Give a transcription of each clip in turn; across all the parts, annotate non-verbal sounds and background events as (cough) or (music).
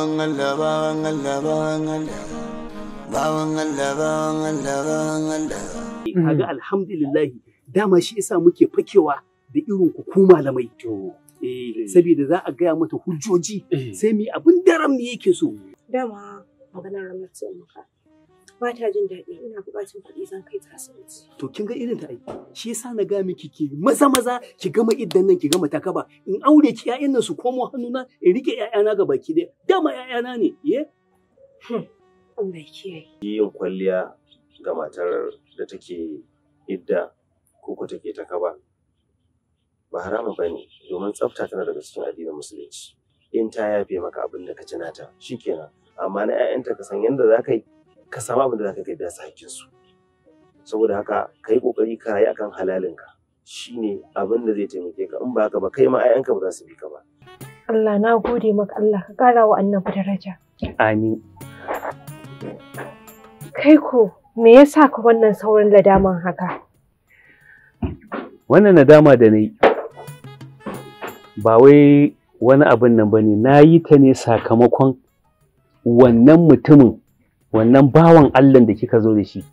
ഭാവങ്ങല്ല ഭാവങ്ങല്ല ഭാവങ്ങല്ല ഭാവങ്ങല്ല ഭാവങ്ങല്ല ഭാവങ്ങല്ല kaga alhamdulillahi dama shi yasa muke fakewa da irin ku ku malamai to eh, eh. saboda za a gaya mata hujjoji eh. sai mu abin daram ne yake so dama maganar ramatu maka ba ta jin daɗi ina buƙatar kuɗi zan kai ta asibiti. To kin ga irin ta aiki shi yasa na ga miki ki maza maza ki gama idan nan ki gama takaba in aure ki ƴaƴan nan su komo hannuna in rike ƴaƴana ga baki dai. dama ƴaƴana ne ye. Hmm. Allah kiyaye. Yin kwalliya ga matar da take idda ko ko take takaba ba haramu ba ne domin tsafta tana daga cikin addinin musulunci. In ta yafe maka abin da ka ci nata shikenan amma na 'ya'yanta ka san yadda za ka yi ka samu abin da za ka kai da su saboda haka ka yi ƙoƙari ka yi akan halalinka shine abin da zai taimake ka in ba haka ba kai ma ayanka ba za su bi ka ba Allah na gode maka Allah ka ƙara wa annabi daraja amin kai ko me yasa ka wannan sauran ladaman haka wannan nadama da na yi ba wai wani abin nan ba ne na yi ta ne sakamakon wannan mutumin wannan bawan allon da kika zo da shi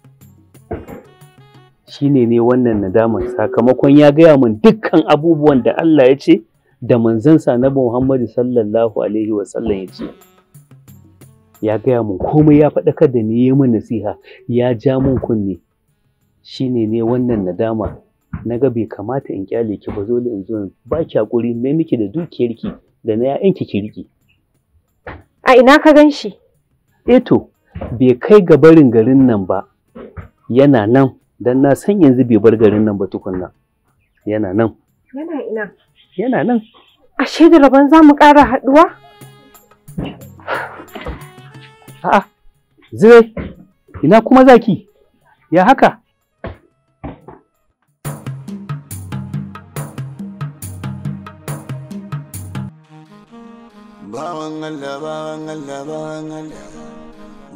Shi ne ne wannan nadaman sakamakon ya gaya min dukkan abubuwan da Allah ya ce da manzansa na Muhammadu sallallahu alaihi wasallam ya ce ya gaya min komai ya faɗakar da ni ya min nasiha ya ja min kunne Shi ne ne wannan nadama na ga bai kamata in kyale ki ba zo in zo ba ki hakuri mai miki da dukiyarki da na 'ya'yanki ki riki a ina ka gan shi eh to bai kai ga barin garin nan ba yana nan don na san yanzu bai bar garin nan ba tukunna yana nan yana ina yana nan ashe da rabon za mu ƙara haɗuwa a'a zai ina kuma zaki ya haka Bawang Allah, bawang Allah, bawang Allah.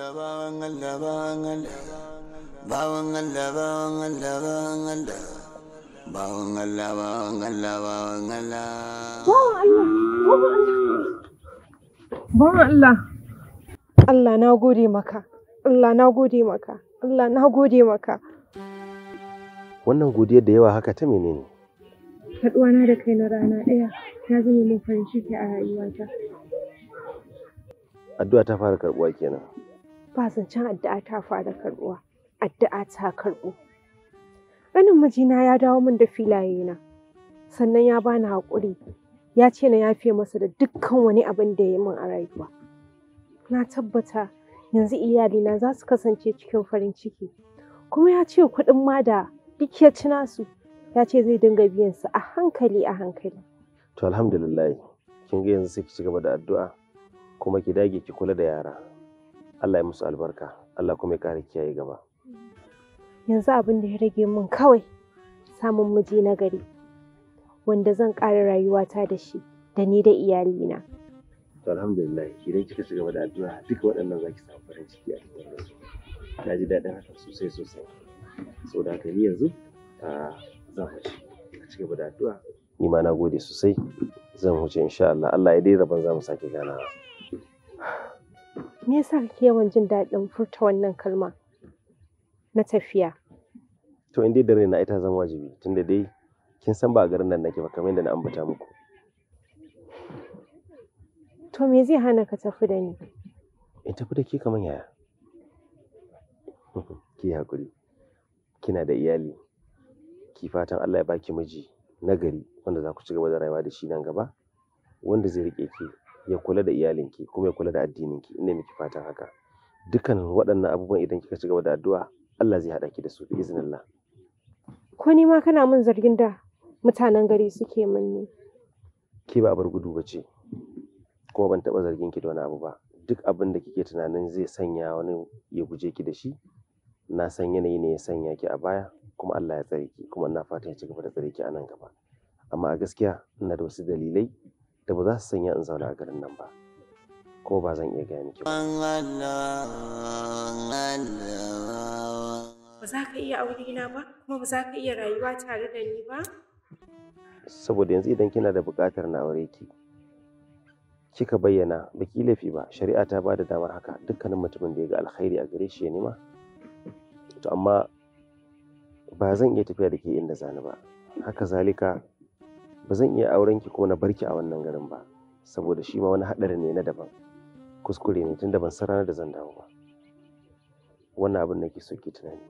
Allah Allah Allah na gode maka Allah na gode maka Allah na gode maka wannan godiyar da yawa haka ta menene haɗuwana da kai na rana ɗaya ya zama min farin ciki a rayuwata addu'a ta fara karɓuwa kenan ba zancen addu'a ta fara karɓuwa addu'a ta karɓu ganin mijina ya dawo min da filaye na sannan ya bani haƙuri ya ce na yafe masa da dukkan wani abin da ya yi min a rayuwa na tabbata yanzu iyalina za su kasance cikin farin ciki kuma ya ce kuɗin ma da duk ya ci nasu ya ce zai dinga biyan su a hankali a hankali to alhamdulillah kin ga yanzu sai ki ci gaba da addu'a kuma ki dage ki kula da yara Allah ya musu albarka Allah kuma ya kare kiyaye gaba yanzu abin da ya rage mun kawai samun miji na gari wanda zan ƙara rayuwata da shi da ni da iyalina alhamdulillah idan kika ci gaba da addu'a duka waɗannan za ki samu farin ciki a cikin rayuwa na ji daɗin haka sosai sosai saboda haka ni yanzu zan huce a ci gaba da addu'a ni ma na gode sosai zan huce insha Allah Allah ya dai rabon za mu sake ganawa me yasa kake yawan jin daɗin furta wannan kalma na tafiya to in dai da raina ita zan wajibi tunda dai kin san ba garin nan nake ba kamar yadda na ambata muku to me zai hana ka tafi da ni in tafi da ke kamar yaya (laughs) ki hakuri kina da iyali ki fatan Allah ya baki miji nagari wanda za ku ci gaba da rayuwa da shi nan gaba wanda zai rike ki ya kula da iyalinki kuma ya kula da addininki ina miki fatan haka dukan waɗannan abubuwan idan kika ci gaba da addu'a Allah zai haɗa ki da su bi iznillah ko ni ma kana mun zargin da mutanen gari suke min ne ke ba bar gudu ba ce kuma ban taɓa zargin ki da wani abu ba duk abin da kike tunanin zai sanya wani ya guje ki da shi na san yanayi ne ya sanya ki a baya kuma Allah ya tsare ki kuma ina fatan ya ci gaba da tsare ki a nan gaba amma a gaskiya ina da wasu dalilai da ba za su sanya in zauna a garin nan ba ko ba zan iya gaya miki ba za ka iya aure ba kuma ba za ka iya rayuwa tare da ni ba saboda yanzu idan kina da bukatar na aure ki kika bayyana ba ki laifi ba shari'a ta ba da damar haka dukkanin mutumin da ya ga alkhairi a gare shi ya nema to amma ba zan iya tafiya da ke inda zani ba haka zalika ba zan iya auren ki kuma na barki a wannan garin ba saboda shi ma wani haɗari ne na daban kuskure ne tunda ban san ranar da zan dawo ba wannan abin nake so ki tunani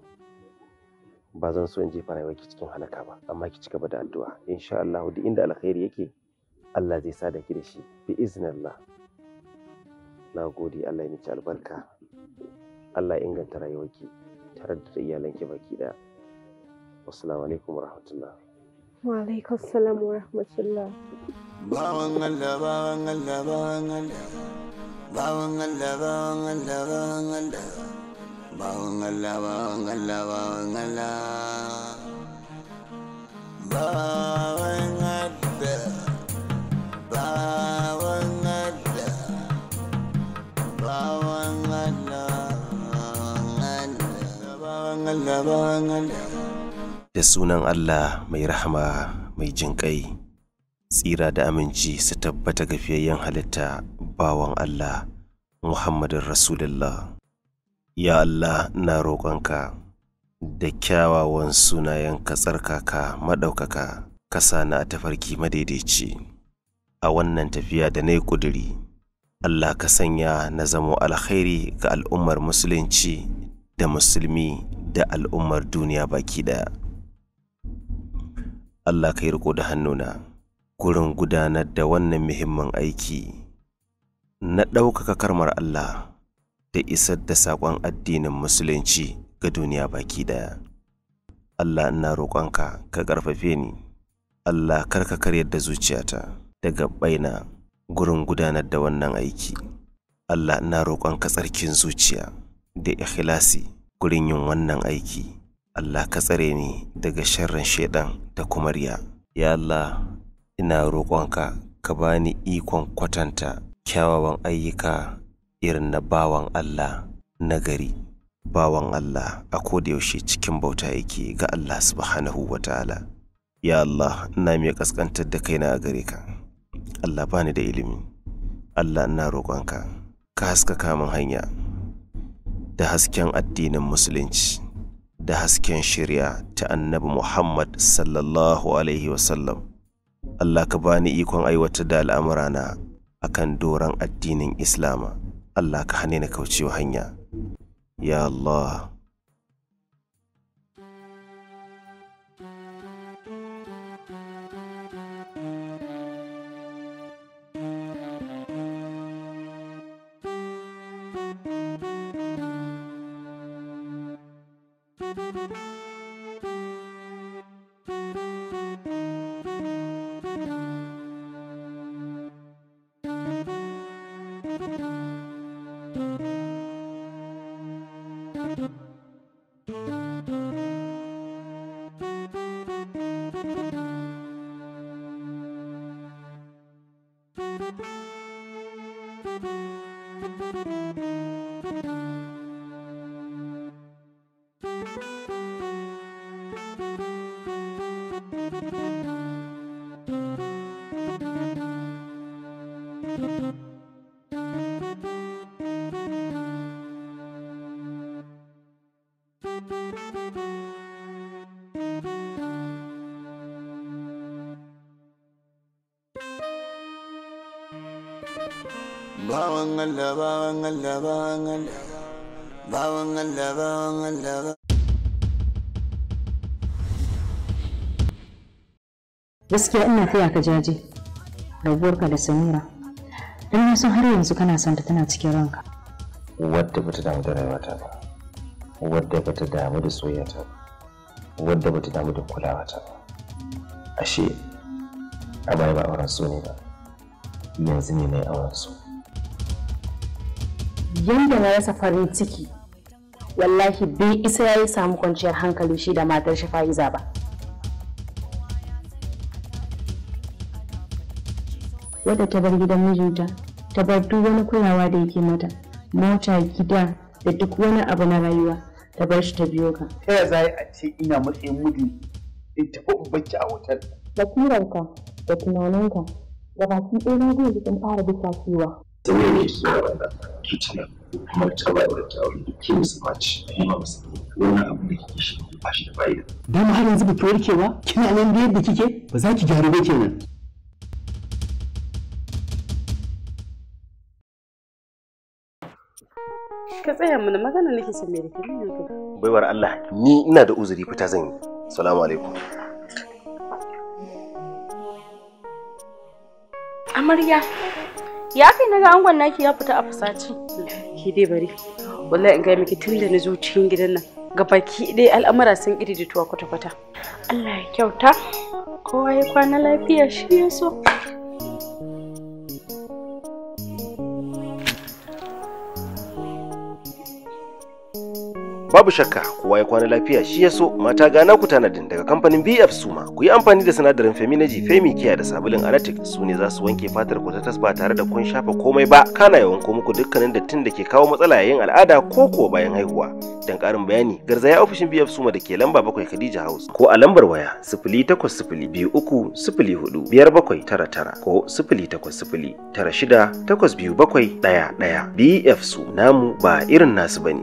ba zan so in jefa rayuwar ki cikin halaka ba amma ki cigaba da addu'a insha Allah duk inda alkhairi yake Allah zai sada ki da shi bi iznillah na gode Allah ya miki albarka Allah ya inganta rayuwarki tare da iyalanki baki daya assalamu alaikum warahmatullahi Wa alaikassalam wa rahmatullah. Bawan Allah, bawan Allah, bawan Allah. Bawan Allah, bawan Allah, bawan Allah. Bawan Allah, bawan Allah, bawan Allah. Bawan Allah, bawan Allah. Bawan Allah, bawan Allah, bawan Allah. da sunan Allah mai rahama mai jinƙai tsira da aminci su tabbata ga fiyayyen halitta bawan Allah Muhammadin Rasulullah ya Allah na roƙonka da kyawawan sunayen ka tsarkaka maɗaukaka kasa na a tafarki madaidaici a wannan tafiya da na yi ƙuduri Allah ka sanya na zamo alkhairi ga al'ummar musulunci da musulmi da al'ummar duniya baki ɗaya. Allah ka yi riko da hannuna gurin gudanar da wannan muhimmin aiki na ɗaukaka karmar Allah da isar da saƙon addinin musulunci ga duniya baki ɗaya. Allah ina roƙonka ka ƙarfafe ni, Allah karka karyar da zuciyata daga ɓaina. gurin gudanar da wannan aiki. Allah ina roƙonka tsarkin zuciya da ikhlasi gurin yin wannan aiki. Allah ka tsare ni daga sharrin shaidan da kuma riya ya Allah ina roƙonka ka bani ikon kwatanta kyawawan ayyuka irin na bawan Allah nagari bawan Allah a yaushe cikin bauta yake ga Allah subhanahu wa ta'ala ya Allah ina mai kaskantar da kaina a gare ka Allah bani da ilimi Allah ina roƙonka ka haskaka min hanya da hasken addinin musulunci da hasken shirya ta annabi Muhammad sallallahu Alaihi wasallam. Allah ka bani ikon aiwatar da al'amurana a kan doron addinin Islama, Allah ka hane na kaucewa hanya. Ya Allah, Bawang ala, bawang ala, bawang ala, bawang ala, bawang ala. gaskiya ina taya ka jaje ka da samira don na har yanzu kana son ta tana cikin ranka wadda bata damu da rayuwata ba wadda bata damu da soyayyata ba wadda bata damu da kulawata ba ashe a bai ba auren so ne ba yanzu ne na yi auren so yadda na rasa farin ciki wallahi bai isa ya yi samu kwanciyar hankali shi da matar shi fa'iza ba wadda ta bar gidan mijinta ta bar duk wani kulawa da yake mata mota gida da duk wani abu na rayuwa ta bar shi ta biyo ka ta yaya za a ce ina matsayin mudu in taɓa in bacci a hotel da kuranka da tunaninka da baki ɗaya na zai jikin fara duk cewa ta ne ne su yawa da kitchen kuma ta ba da ta wani ke musu maci kuma musu wannan abu da kike shi ba shi da fa'ida dama har yanzu ba ki warkewa kina nan da yadda kike ba za ki gyaru ba kenan Ka tsaya mana magana nake son mai rike ne ka. Baiwar Allah, ni ina da uzuri fita zan yi. Assalamu alaikum. Amarya, ya kai na ga angon naki ya fita a fusaci. Ki dai bari. Wallahi in ga miki tun da na zo cikin gidan nan. Ga baki dai al'amura sun tuwa kwata-kwata. Allah ya kyauta. Kowa ya kwana lafiya shi ya so. babu shakka kowa ya kwana lafiya shi ya so mata gana ku tanadin daga kamfanin BF Suma ku yi amfani da sinadarin femi Femikiya da sabulin Anatic su ne za su wanke fatar ku ta tasba tare da kun shafa komai ba kana ya wanko muku dukkanin dattin da ke kawo matsala yayin al'ada ko ko bayan haihuwa dan karin bayani garzaya ofishin BF Suma da ke lamba bakwai Khadija House ko a lambar waya tara ko ɗaya. BF Su namu ba irin nasu bane